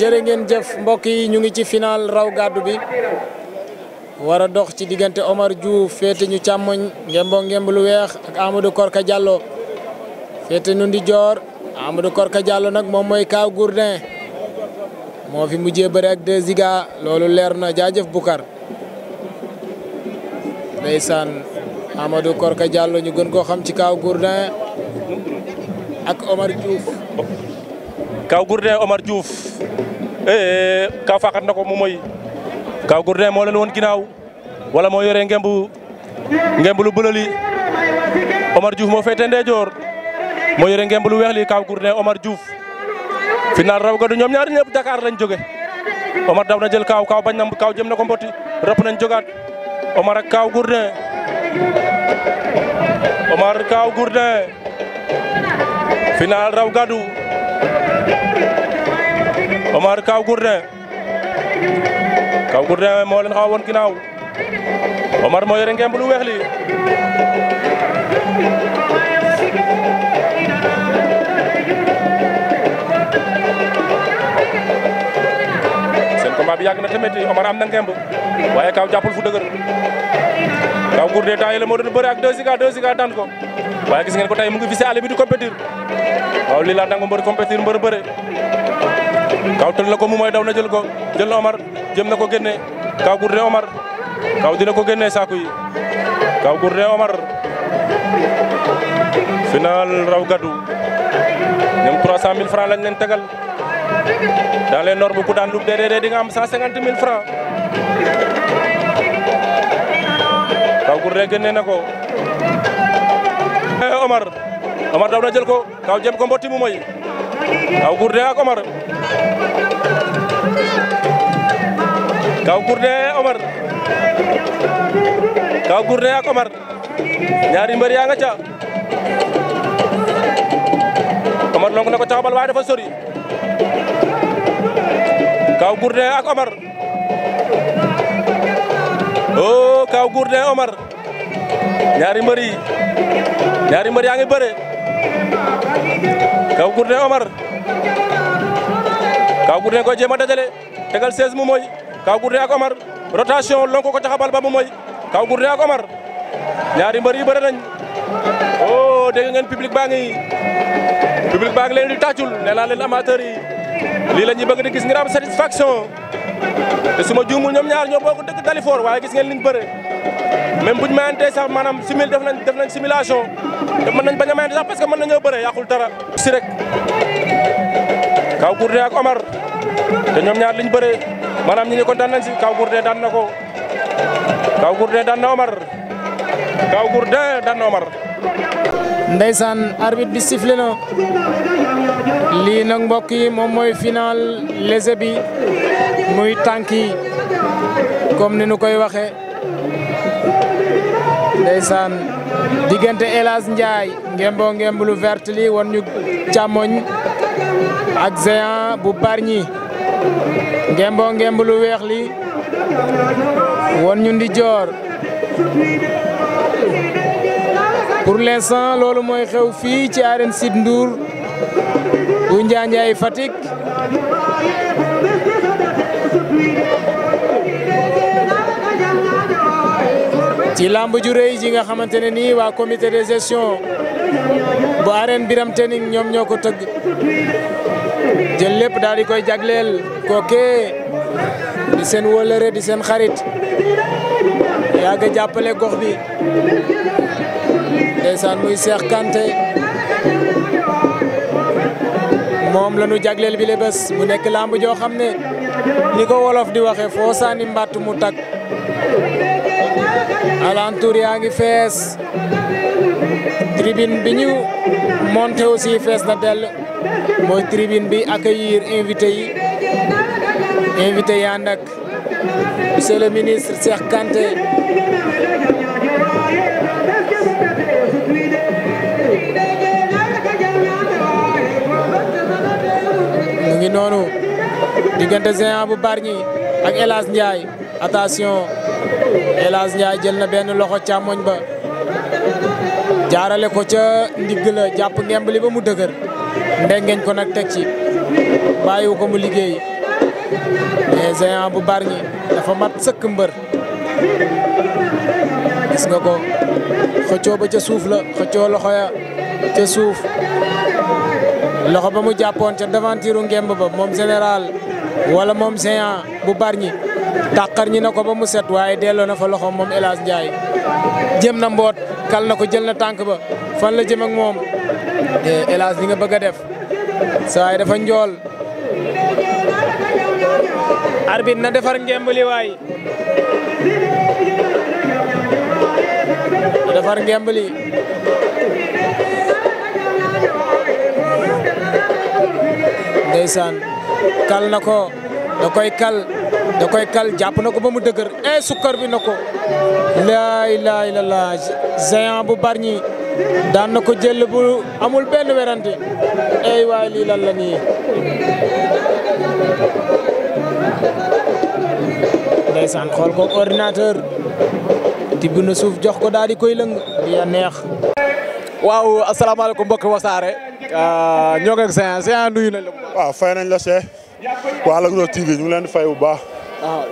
jërë ngeen jëf mbokk yi ñu ngi ci final raw gàddu bi wara dox ci diggante Omar Diouf féete ñu càmmoñ ngemboo ngemb lu weex ak Amadou Korka Diallo féete ñu ndi joor Amadou Korka jàllo nag moom mooy Kaaw Gourdin moo fi mujjee bëre ak deux loolu leer na jaajëf Bukar ndeysaan Amadou Korka Diallo ñu gën koo xam ci kaw Gourdin ak Omar Diouf kaw Gourdin Omar Diouf eh, eh, kaw faxat na ko mu moy kaw Gourdin moo leen woon ginnaaw wala moo yore ngemb ngembu lu bulali Omar Diouf moo féete ndeyjoor moo yore ngembu lu weex li kaw Gourdin Omar Diouf final raw gadu ñoom ñaar ñëpp Dakar lañ jóge Omar daw na jël kaaw kaaw bañ na jëm na ko mboti rëpp nañ jogaat Omar ak Gourdin Omar raw gadu Omar Kaw Gourdin Kaw Gourdin moo leen xaw woon Omar moo yore ngemb lu bi yàgg na tamit Omar am na ngemb waaye Kaw jàppul fu dëgër Kaw Gourdin temps yële moo doon bëre ak 2 Giga 2 Giga daan ko. waaye gis ngeen ko tey mu ngi fi si àll bi di compétir waaw lii laa dangu mbër compétir mbër bëre kaw tël na ko mu daw na jël ko jël na Omar jëm na ko génne kaw gurde Omar kaw dina ko génne saako yi kaw gurde Omar final raw gadu ñoom 300 000 francs lañ leen tegal dans les normes ku daan lub déedéet di nga am 150 000 francs kaw gurde génne na ko Eh, Omar Omar daw na jël ko kaw jëm ko mbotti mu moy kaw Gourdin ak Omar kaw Gourdin Omar ak Omar ñaari mbër yaa nga ca Omar lonk na ko taxabal waaye dafa sori kaw Gourdin ak Omar oh kaw Gourdin Omar ñaari mbër ñaari mbër yaa ngi bëre Kaw Gourdin Omar Kaw Gourdin koy jéem a dajale tegal 16 mu mooy Kaw Gourdin ak Omar rotation lonko ko caxabal ba mu mooy Kaw Gourdin ak Omar ñaari mbër yi bëre nañ oh dégg ngeen public baa ngi public baa ngi leen di tàccul nee naa leen amateur yi lii la ñuy bëgg di gis ngir am satisfaction te su ma ñaar ñoo bokk dëkk Dalifort waaye gis ngeen liñ bëre. même bu ñu mayantee sax maanaam simil def nañ def nañ simulation te mën nañ a mayante sax parce que mën nañoo bëre yàqul dara. si rek Kaw Gourdin ak Omar te ñoom ñaar liñ bëree maanaam ñi ngi kontaan si Kaw Gourdin daan na ko Kaw Gourdin daan Omar Ndeysaan arbitre bi sifflé na lii nag mbokk yi moom mooy final léger bi muy tànk yi ni nu koy waxee. ndeysaan diggante Elas Ndiaye ngembo ngemb lu vert won ñu càmmoñ ak géant bu Bargny ngembo ngemb lu weex li won ñu ndi joor pour l'instant loolu mooy xew fii ci arène Sud Ndour bu Njaanjaay Fatick ci làmb ju rëy ji nga xamante ne nii waa comité de gestion bu arène biram Tening ñoom ñoo ko tëgg jël lépp daal di koy jagleel kookee di seen wëlëre di seen xarit yàgg jàppale gox bi ndeysaan muy Seex Kanté moom la ñu jagleel bi le mu nekk làmb joo xam ne ni ko wolof di waxe foo sànni mbàtt mu tag alentour yaa ngi fees tribune bi ñu monté fees na dell mooy tribune bi accueillir invité yi invité yi ànd ak ministre Cheikh Kanté mu ngi noonu diggante Géant bu Bargny ak El Hadj attention Elhadj Ndiaye jël na benn loxo càmmoñ ba jaarale ko ca ndigg la jàpp ngemb li ba mu dëgër ndengeñ ko nag teg ci bàyyiwu ko mu liggéey mais Géant bu Bargny dafa mat sëkk mbër gis nga ko xëccoo ba ca suuf la xëccoo loxo ya ca suuf loxo ba mu jàppoon ca devantiru ngemb ba moom général wala moom Géant bu Bargny tàqar ñi na ko ba mu set waaye delloo na fa loxoom moom El Hadj jëm na mboot kal na ko jël na tànk ba fan la jëm ak moom El Hadj nga bëgg a def saay dafa njool arbitre na defar ngemb li waay na kal na ko da koy kal da koy kal jàpp na ko ba mu dëgër e sukkar bi na ko laa ilaaha illallaah géant bu barñi daan na ko jël bu amul benn werante ey eh, waay lii lan la nii ndeysaan xool ko ordinateur tibb na suuf jox ko daal di koy lëng ya neex waaw asalaamaaleykum mbokk wasaare ah, ñoo ngi ak géant géant nuyu nañ la waaw fay nañ la Cheikh waa Lac Rose ñu leen di fay bu baax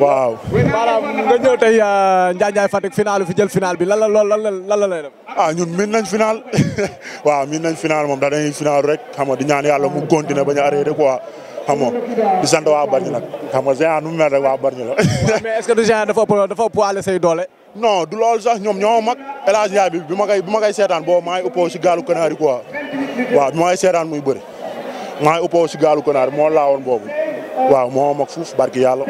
waaw. maanaam nga ñëw tey euh, Ndiaye Ndiaye Fatick fi jël final bi lan la lool lan la lay def. ah ñun miin nañ final waaw miin nañ final moom da dañuy final rek xam di ñaan yàlla mu continuer bañ a arrêté quoi xam nga di sant waa Bargny nag xam nga Géant nu mu mel rek waa Bargny la. mais est que du Géant dafa ëpp dafa ëpp say doole. non du loolu sax ñoom ñoo mag El Hadj bi bi ma ma seetaan boobu maa ngi uppoo si gaalu Kanaar yi quoi waaw bi ma seetaan muy bëri waaw moo mag fuuf barki yàlla.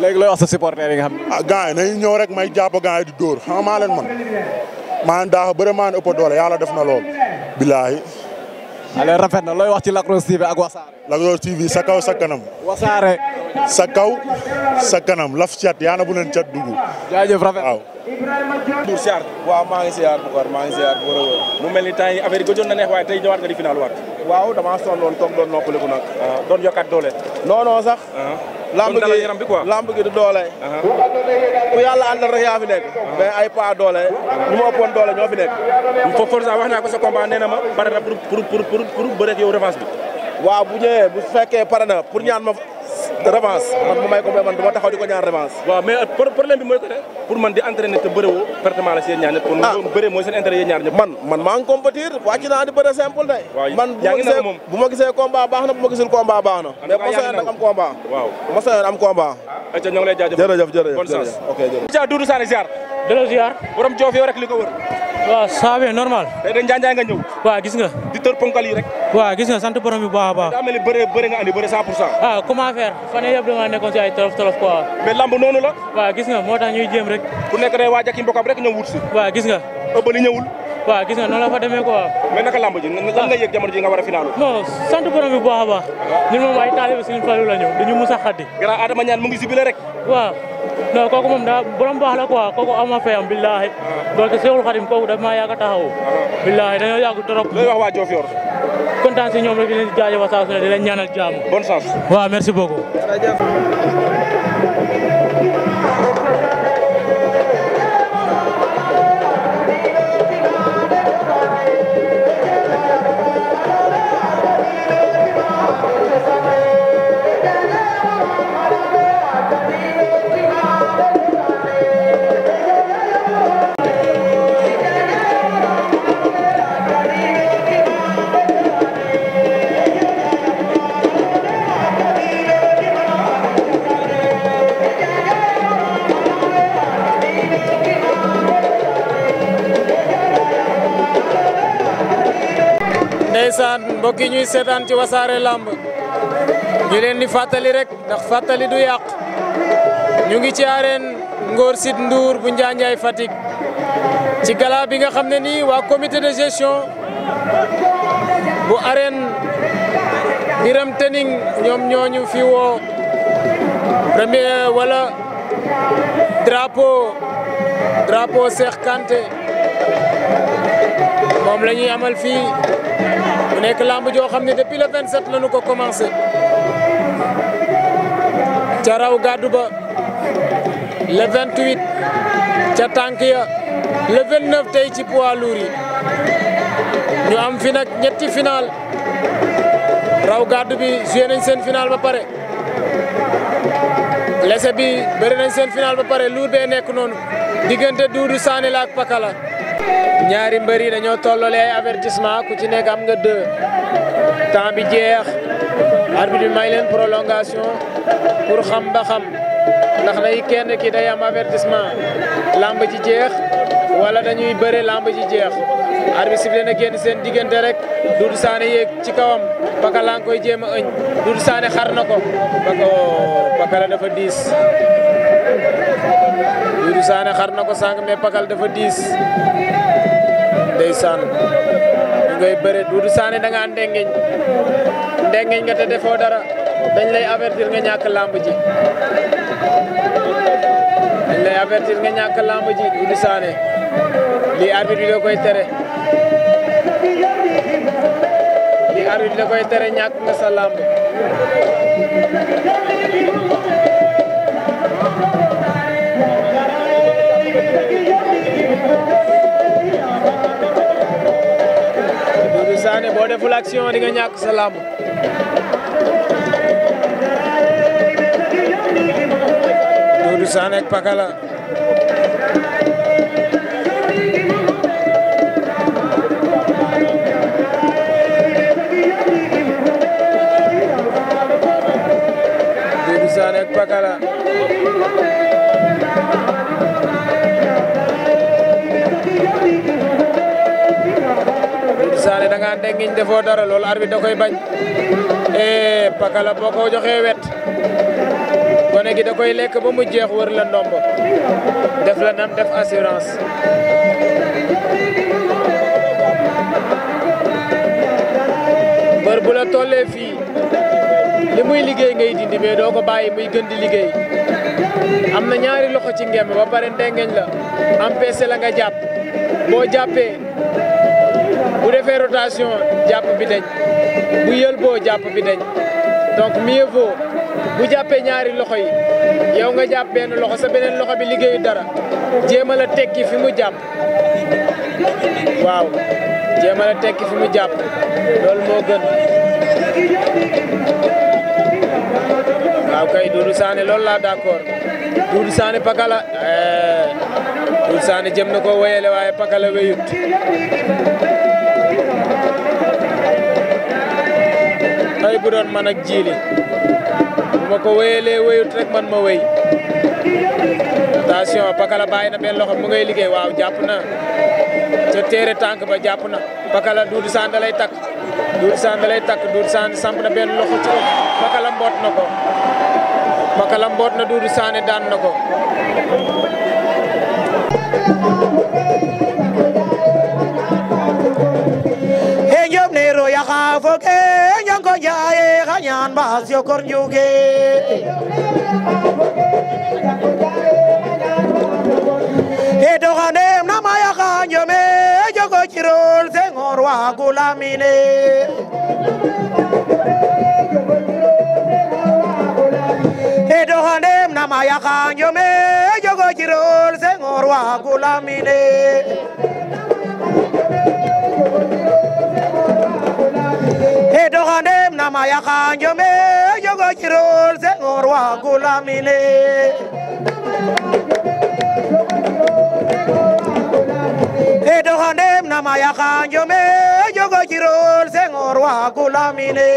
léegi looy wax sa supporter yi nga xam. ah gars yi rek may jàpp gars yi di dóor xam maa leen man maa leen daax bëre maa leen doole yàlla def na lool. bilaahi. ale rafet na looy wax ci Lac Rose TV ak Wassare. Lac Rose TV sa kaw sa kanam. Wassare. sa kaw sa kanam laf cat yaa na bu leen cat dugg. jaajëf rafet ngi siyaar bu baax maa ni temps yi affaire waaw damaa sonnoon toog doon noppaliku nag. Ah, doon yokkaat doole. non non sax. Ah. lamb gi yaram bi quoi lamb gi du doole. Ah. ku yàlla àndal rek yaa fi nekk. mais ay pas doole. ñu ma ëppoon doole ñoo fi nekk. fo Forza wax naa ko sa combat nee na ma pare na pour pour pour pour bëreeg yow bi. waaw bu ñëwee bu fekkee pare na pour ñaan ma revanche man mu may ko man du ma taxaw di ko ñaan revanche. waaw mais euh, problème bi mooy que man di entraîner te bëre woo pertement la seen ñaar ñëpp. ah kon bëree mooy seen intérêt yéen ñaar ñëpp. man man maa ngi compétir wàcc naa di bëre man bu ma gisee baax na bu ma gisul baax na. mais ma soxla am combat. waaw ma soxla am combat. Ah, ok jërëjëf. Doudou Sané ziar. delloo ziar. rek li wër. waa ça bien normal. tey nga ñëw. waaw gis nga. di tër ponkal rek. waaw gis nga sant borom yu baax a baax. daa mel ni bëre bëre nga andi bëre 100 pour cent. ah comment fan yii yëpp dama si ay tolof tolof quoi. mais lamb noonu la. waaw gis nga moo tax ñuy jéem rek. ku nekk day waaj ak i rek ñëw wut si. waaw gis nga. ëbbali ñëwul. waaw gis nga noonu la fa demee quoi. mais naka lamb ji nga ah. yëg ji nga war a final. non sant borom yu baax a baax. Ah. ñun moom non kooku moom daa borom baax la quoi kooku am na fayam billahi barke Seexul Xadim kooku daf maa yàgg a taxaw billahi dañoo yàgg trop wax waa Diofior kontaan si ñoom rek di leen jaajëfal di leen ñaanal jàmm bonne ndeysaan mbokk yi ñuy seetaan ci wasaare lamb ñu leen di fàttali rek ndax fàttali du yàq ñu ngi ci arène Ngor Site Ndour bu Njaanjaay Fatick ci gala bi nga xam ne ni waa comité de gestion bu arène Biram ñoom ñooñu fi woo premier wala drapeau drapeau Cheikh moom la ñuy amal fii mu nekk làmb joo xam ne depuis le 27 la ñu ko commencé ca raw gàddu ba le ca tànk ya le tey ci poids lourd yi ñu am fi nag ñetti final raw gàddu bi joué nañ seen final ba pare lese bi bëri nañ seen final ba pare lourd bee nekk noonu diggante Doudou Sané la ak Pakala ñaari mbër yi dañoo tollale ay avertissement ku ci nekk am nga deux temps bi jeex arbitre bi leen prolongation pour xam ba xam ndax day kenn kii day am avertissement lamb ji jeex wala dañuy bëre lamb ji jeex arbitre sifflé na génn seen diggante rek Doudou Sané yéeg ci kawam Pakala laa ngi koy jéem a ëñ Doudou Sané xar ko Pakala oh, dafa diis Doudou Sané xar na ko sànq mais pakal dafa diis ndeysaan ñu ngay bëre Doudou Sané da ngaa ndengeñ ndengeñ nga te defoo dara dañ lay avertir nga ñàkk làmb ji dañ lay avertir nga ñàkk làmb ji Doudou Sané koy tere lii arbitre bi da koy tere ñàkk nga sa làmb Doudou Sané boo deful action di nga ñàkk sa làmb Doudou Sané ak Pakala defoo dara loolu bi da koy bañ e pakala boo ko joxee wet gone gi da koy lekk ba mu jeex wër la ndombo def la nam def assurance bër bu la tollee fii li muy liggéey ngay dindi mais doo ko bàyyi muy gën di liggéey am na ñaari loxo ci ngemb ba bari ndengeñ la empêché la nga jàpp boo jàppee bu defee rotation jàpp bi dañ bu yëlboo jàpp bi dañ donc mieux vaut bu jàppee ñaari loxo yi yow nga jàpp benn loxo sa beneen loxo bi liggéeyu dara jéemal a la tekki fi mu jàpp waaw jéem a tekki fi mu jàpp loolu moo gën waaw kay Doudou Sané loolu laa d'accord Doudou Sané Pakala eh, Doudou Sané jëm na ko wéyale waaye Pakala wéyut bu doon man ak jiili bu ma ko wéyalee wéyut rek man ma wéy attention Pakala bàyyi na benn loxo mu ngay liggéey waaw jàpp na ca tànk ba jàpp na Pakala Doudou Sane da lay takk Doudou Sane da takk Doudou Sane samp na benn loxo ci Pakala mboot na ko Pakala mboot na daan na ko ko jaayee xañaan baas yo kor njuuge e doxaneem na maya xaanjome e jogo cirol sengoor waagu lamine e doxaneem na maya xaanjome e jogo cirol sengoor waagu lamine ndem na ma yaxa njome jogo cirol Senghor wa gulamine e doxa ndem na ma yaxa njome jogo cirol Senghor wa gulamine